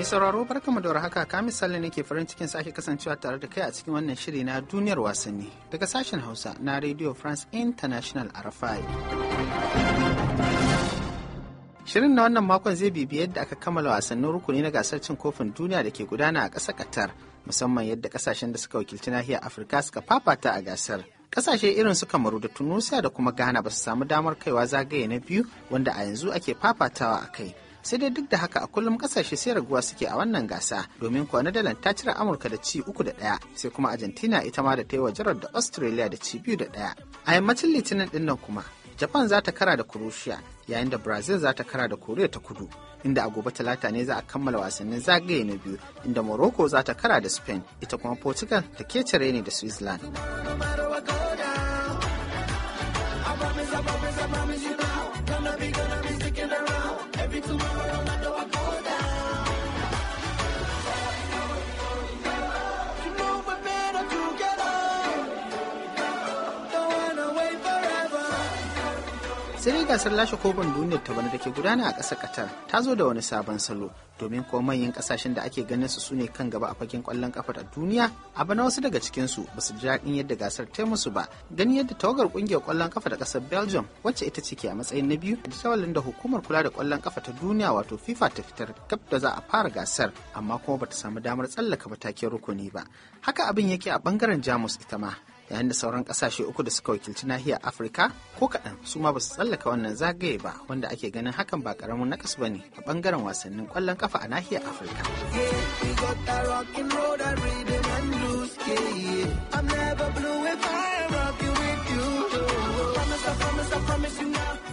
Mai sauraro barkamu da haka ka misali ne ke farin cikin sake kasancewa tare da kai a cikin wannan shiri na duniyar wasanni daga sashen Hausa na Radio France International RFI. Shirin na wannan makon zai bibi yadda aka kammala wasannin rukuni na gasar cin kofin duniya da ke gudana a ƙasa katar musamman yadda kasashen da suka wakilci nahiyar Afirka suka fafata a gasar. Kasashe irin su Kamaru da tunusiya da kuma Ghana ba su samu damar kaiwa zagaye na biyu wanda a yanzu ake fafatawa a kai. sai dai duk da haka a kullum kasashe sai raguwa suke a wannan gasa domin kuwa Netherlands ta cire Amurka da ci uku da ɗaya sai kuma Argentina ita ma da ta yi wa jarar da Australia da ci biyu da ɗaya. A yammacin Litinin ɗin nan kuma Japan za ta kara da Croatia yayin da Brazil za ta kara da Koriya ta kudu inda a gobe talata ne za a kammala wasannin zagaye na biyu inda Morocco za ta kara da Spain ita kuma Portugal da cire ne da Switzerland. gonna be good. every tomorrow, no matter what. sai gasar lashe kofin duniyar ta bana da ke gudana a ƙasar qatar ta zo da wani sabon salo domin kuma manyan ƙasashen da ake ganin su su ne kan gaba a fagen ƙwallon kafa a duniya a bana wasu daga cikin su ba su ji daɗin yadda gasar ta musu ba gani yadda tawagar ƙungiyar ƙwallon ƙafa da ƙasar belgium wacce ita ce ke a matsayin na biyu da tawalin da hukumar kula da ƙwallon ƙafa ta duniya wato fifa ta fitar kaf da za a fara gasar amma kuma bata samu damar tsallaka matakin rukuni ba haka abin yake a bangaren jamus ita ma yayin da sauran kasashe uku da suka wakilci nahiyar afirka ko kaɗan su ma ba su tsallaka wannan zagaye ba wanda ake ganin hakan ba karamin nakas ba ne a bangaren wasannin kwallon kafa a nahiyar afirka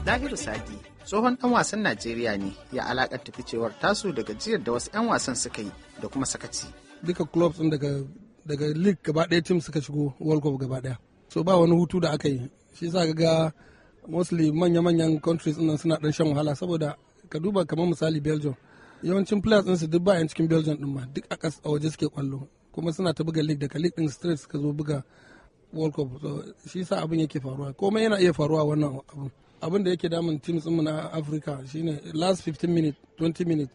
Dahiru Sadi tsohon ɗan wasan Najeriya ne ya alakanta ficewar tasu da gajiyar da wasu 'yan wasan suka yi da kuma sakaci. Duka club ɗin daga daga league gaba daya team suka shigo world cup gaba daya so ba wani hutu da aka yi shi sa ga ga mostly manya-manyan countries nan suna dan shan wahala saboda ka duba kamar misali belgium yawancin players din su duk ba yan cikin belgium din ma duk a kas a waje suke kwallo kuma suna ta buga league daga league din straight suka zo buga world cup so shi sa abin yake faruwa komai yana iya faruwa wannan abin abin da yake damun teams mu na africa shine last 15 minute 20 minute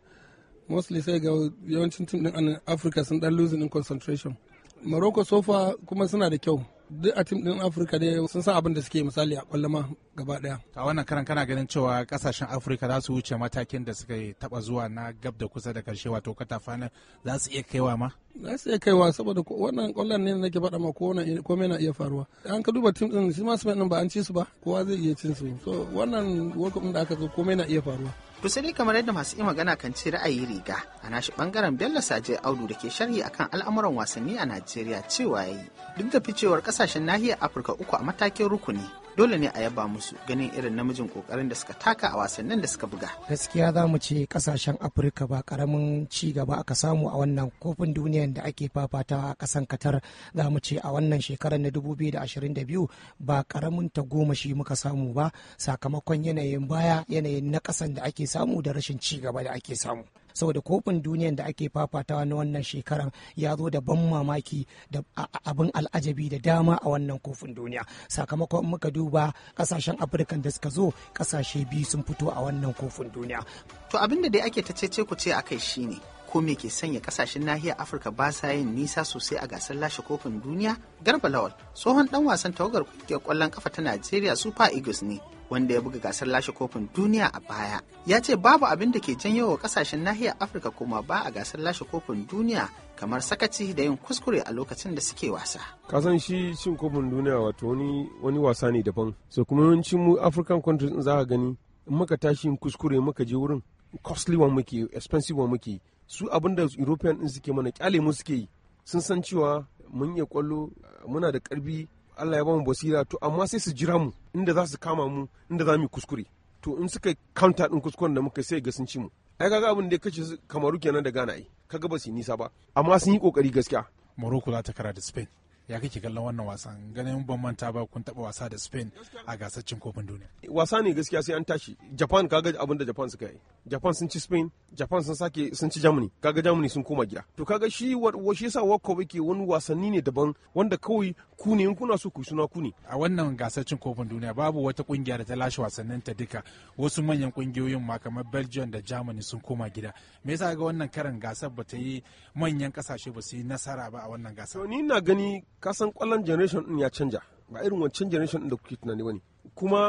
mostly sai ga yawancin team din africa sun dan losing in concentration Morocco sofa kuma suna da kyau. Duk a tim din Afirka dai sun san abin da suke misali a kwallama gaba daya. A wannan karan kana ganin cewa kasashen Afirka za su wuce matakin da suka taba zuwa na gab da kusa da karshe wato katafanar za su iya kaiwa ma? Za su iya kaiwa saboda wannan kwallon ne nake faɗa ma komai na iya faruwa. An ka duba tim din shi ma su ba an ci su ba kowa zai iya cin su. So wannan World Cup da aka zo komai na iya faruwa. kusa dai kamar yadda masu yi magana kan ce ra'ayi riga a nashi bangaren Bello Saje Audu da ke sharhi akan al'amuran wasanni a Najeriya cewa yayi duk da ficewar kasashen nahiyar Afirka uku a matakin rukuni dole ne a yaba musu ganin irin namijin kokarin da suka taka a wasannin da suka buga gaskiya za mu ce kasashen afirka ba karamin ci gaba aka samu a wannan kofin duniyan da ake fafata a kasan katar za mu ce a wannan shekarar na 2022 ba karamin shi muka samu ba sakamakon yanayin baya yanayin na kasan da ake samu da rashin ci gaba da ake samu saboda kofin duniyan da ake fafatawa na wannan shekaran ya zo da ban mamaki da abin al'ajabi da dama a wannan kofin duniya sakamakon muka duba kasashen afirka da suka zo kasashe biyu sun fito a wannan kofin duniya to abin da dai ake ta cece ku ce a kai shine ko me ke sanya kasashen nahiyar afirka ba sa yin nisa sosai a gasar lashe kofin duniya garba lawal tsohon dan wasan tawagar kungiyar kwallon kafa ta najeriya super eagles ne wanda ya buga gasar lashe kofin duniya a baya ya ce babu abin da ke janyo wa kasashen nahiyar afirka kuma ba a gasar lashe kofin duniya kamar sakaci da yin kuskure a lokacin da suke wasa kasan shi cin kofin duniya wato wani wasa ne daban so kuma yawancin mu african countries za ka gani in muka tashi kuskure muka je wurin costly one muke expensive one muke su abin da european din suke mana kyale mu suke yi sun san cewa mun iya kwallo muna da karbi allah ya bamu basira to amma sai su jira mu inda za su kama mu inda za mu kuskure to in suka counter din kuskuren da muka sai ga sun ci mu ai kaga abin da ya kace kamaru kenan da gana ai kaga ba su nisa ba amma sun yi kokari gaskiya Morocco za ta kara da Spain ya kake kallon wannan wasan ganin ban manta ba kun taba wasa da spain a gasar cin kofin duniya wasa ne gaskiya sai an tashi japan kaga abin da japan suka yi japan sun ci spain japan sun sake sun ci germany kaga germany sun koma gida to kaga shi shi yasa world cup yake wani wasanni ne daban wanda kawai ku ne in kuna so ku suna ku ne a wannan gasar cin kofin duniya babu wata kungiya da ta lashe wasannin ta duka wasu manyan kungiyoyin ma kamar belgium da germany sun koma gida me yasa ga wannan karan gasar ba ta yi manyan kasashe ba su yi nasara ba a wannan gasar to ni na gani ka san kwallon generation din ya canja ba irin wancan generation din da kuke tunani bane kuma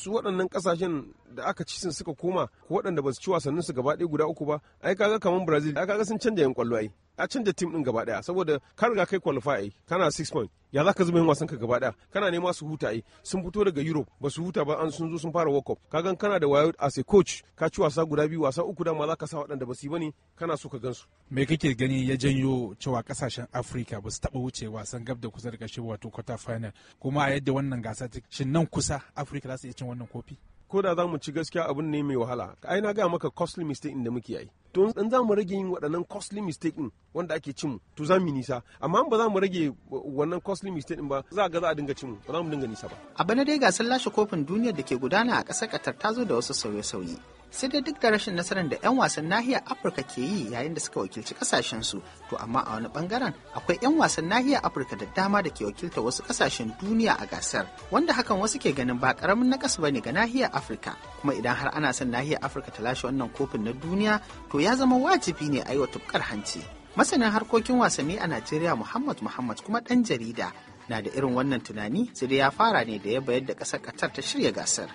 su waɗannan ƙasashen da aka ci sun suka koma ko waɗanda ba su ci wasannin su gaba ɗaya guda uku ba ai kaga kamar brazil ai kaga sun canja yan kwallo ai a canza tim din gaba daya saboda ka riga kai qualify kana 6 point ya za ka zama yin wasan ka gaba daya kana nema su huta ai sun fito daga Europe ba su huta ba an sun zo sun fara World Cup kagan kana da wayo as a coach ka ci wasa guda biyu wasa uku dama za ka sa waɗanda ba su yi bane kana so ka gansu me kake gani ya janyo cewa kasashen Africa ba su taba wuce wasan gab da kusa da ƙarshe wato quarter final kuma a yadda wannan gasa shin nan kusa Africa za su iya cin wannan kofi ko da za mu ci gaskiya abin ne mai wahala ai na ga maka costly mistake da muke yi to in za mu rage yin waɗannan costly mistake din wanda ake cin to za mu nisa amma ba za mu rage wannan costly mistake din ba za ga za a dinga cimu ba za mu dinga nisa ba a bana dai gasar lashe kofin duniyar da ke gudana a ƙasar Qatar ta zo da wasu sauye-sauye sai dai duk da rashin nasarar da 'yan wasan nahiyar afirka ke yi yayin da suka wakilci kasashensu to amma a wani bangaren akwai 'yan wasan nahiyar afirka da dama da ke wakilta wasu kasashen duniya a gasar wanda hakan wasu ke ganin ba karamin nakas ba ne ga nahiyar afirka kuma idan har ana son nahiyar afirka ta lashe wannan kofin na duniya to ya zama wajibi ne a yi wa tufkar hanci masanin harkokin wasanni a najeriya muhammad muhammad kuma ɗan jarida na da irin wannan tunani sai dai ya fara ne da ya bayar da ƙasar qatar ta shirya gasar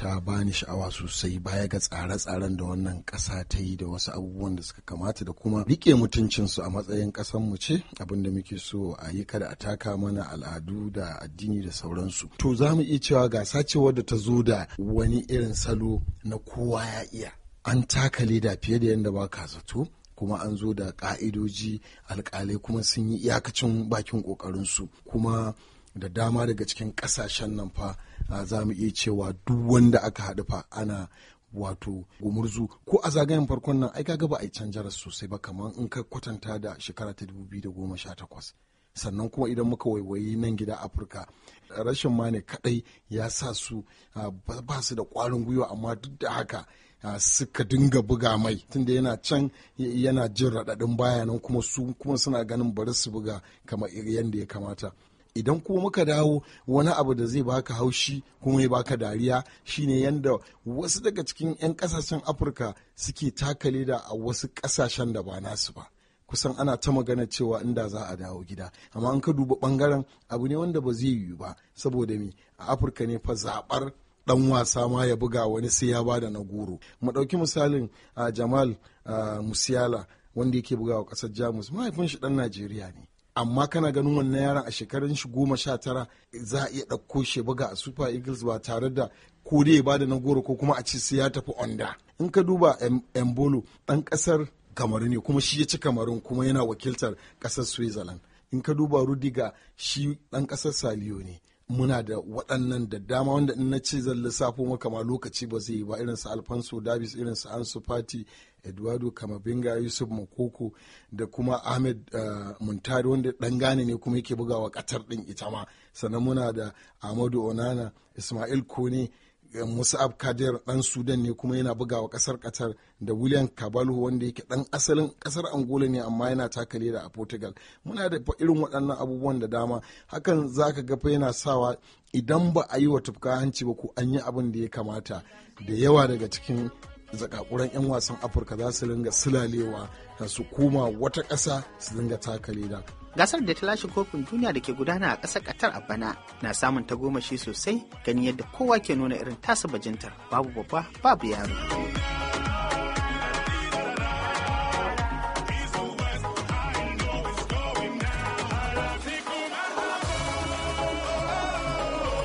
ta bani sha'awa sosai baya ga tsare-tsaren da wannan ƙasa ta yi da wasu abubuwan da suka kamata da kuma rike mutuncinsu a matsayin mu ce abin da muke so a yi kada a taka mana al'adu da addini da sauransu to za mu iya cewa gasa ce wadda ta zo da wani irin salo na kowa ya iya an taka leda fiye da yadda ba ka zato kuma an zo da ƙa'idoji alkalai kuma sun yi iyakacin bakin ƙoƙarinsu kuma da dama daga cikin ƙasashen nan fa za mu iya cewa duk wanda aka haɗu fa ana wato gumurzu ko a zagayen farkon nan ai kaga ba a yi canjaras sosai ba kamar in ka kwatanta da shekara ta da goma 2018 sannan kuma idan muka waiwayi nan gida afirka rashin ma ne kadai ya sa su ba su da kwarin gwiwa amma duk da haka suka dinga buga mai tunda yana can yana jin raɗaɗin bayanan kuma su kuma suna ganin bari su buga kamar yadda ya kamata idan kuma muka dawo wani abu da zai baka haushi kuma ya baka dariya shine yadda wasu daga cikin 'yan kasashen afirka suke takale da a wasu kasashen da ba nasu ba kusan ana ta magana cewa inda za a dawo gida amma an ka duba bangaren abu ne wanda ba zai yiwu ba saboda mi a afirka ne fa zabar dan wasa ma ya buga wani sai ya bada na goro mu ɗauki misalin ah, jamal ah, musiala wanda yake bugawa ƙasar jamus mahaifin shi dan najeriya ne amma kana ganin wannan yaron a shekarun shi goma sha tara za a iya ɗauko shi buga a super eagles ba tare da ko dai ya bada na goro ko kuma a ce sai ya tafi onda in ka duba embolo ɗan ƙasar kamaru ne kuma shi ya ci kamarun kuma yana wakiltar ƙasar switzerland in ka duba rudiga shi ɗan ƙasar saliyo ne muna da waɗannan da dama wanda in na ce zan lissafo maka ma lokaci ba zai yi ba irinsu alfonso davis irin ansu fati eduardo kamabinga yusuf makoko da kuma ahmed eh, muntari wanda ɗan gane ne kuma yake bugawa ƙatar ɗin ita ma sannan muna da amadu onana ismail kone Eh, musa Kadir dan Sudan ne kuma yana bugawa kasar Qatar da William kabalu wanda yake dan asalin kasar Angola ne amma yana takale da a Portugal muna da irin waɗannan abubuwan da dama hakan zaka ga fa yana sawa idan ba a yi wa tufka hanci ba ko an yi abin da ya kamata da yawa daga cikin zakakuran 'yan wasan afirka za su dinga silalewa su koma wata ƙasa su dinga taka leda gasar da ta lashe kofin duniya da ke gudana a ƙasar Qatar a bana na samun tagomashi sosai ganin yadda kowa ke nuna irin tasa bajintar babu babba babu yaro.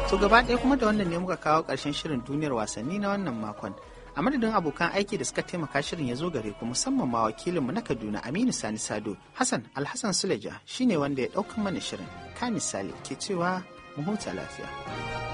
So gaba ɗaya kuma da wannan ne muka kawo ƙarshen shirin duniyar wasanni na wannan makon. a madadin abokan aiki da suka taimaka shirin ya zo gare ku musamman ma wakilinmu na kaduna aminu sani sado hassan alhassan suleja shine wanda ya ɗaukan mana shirin ka misali ke cewa mu huta lafiya.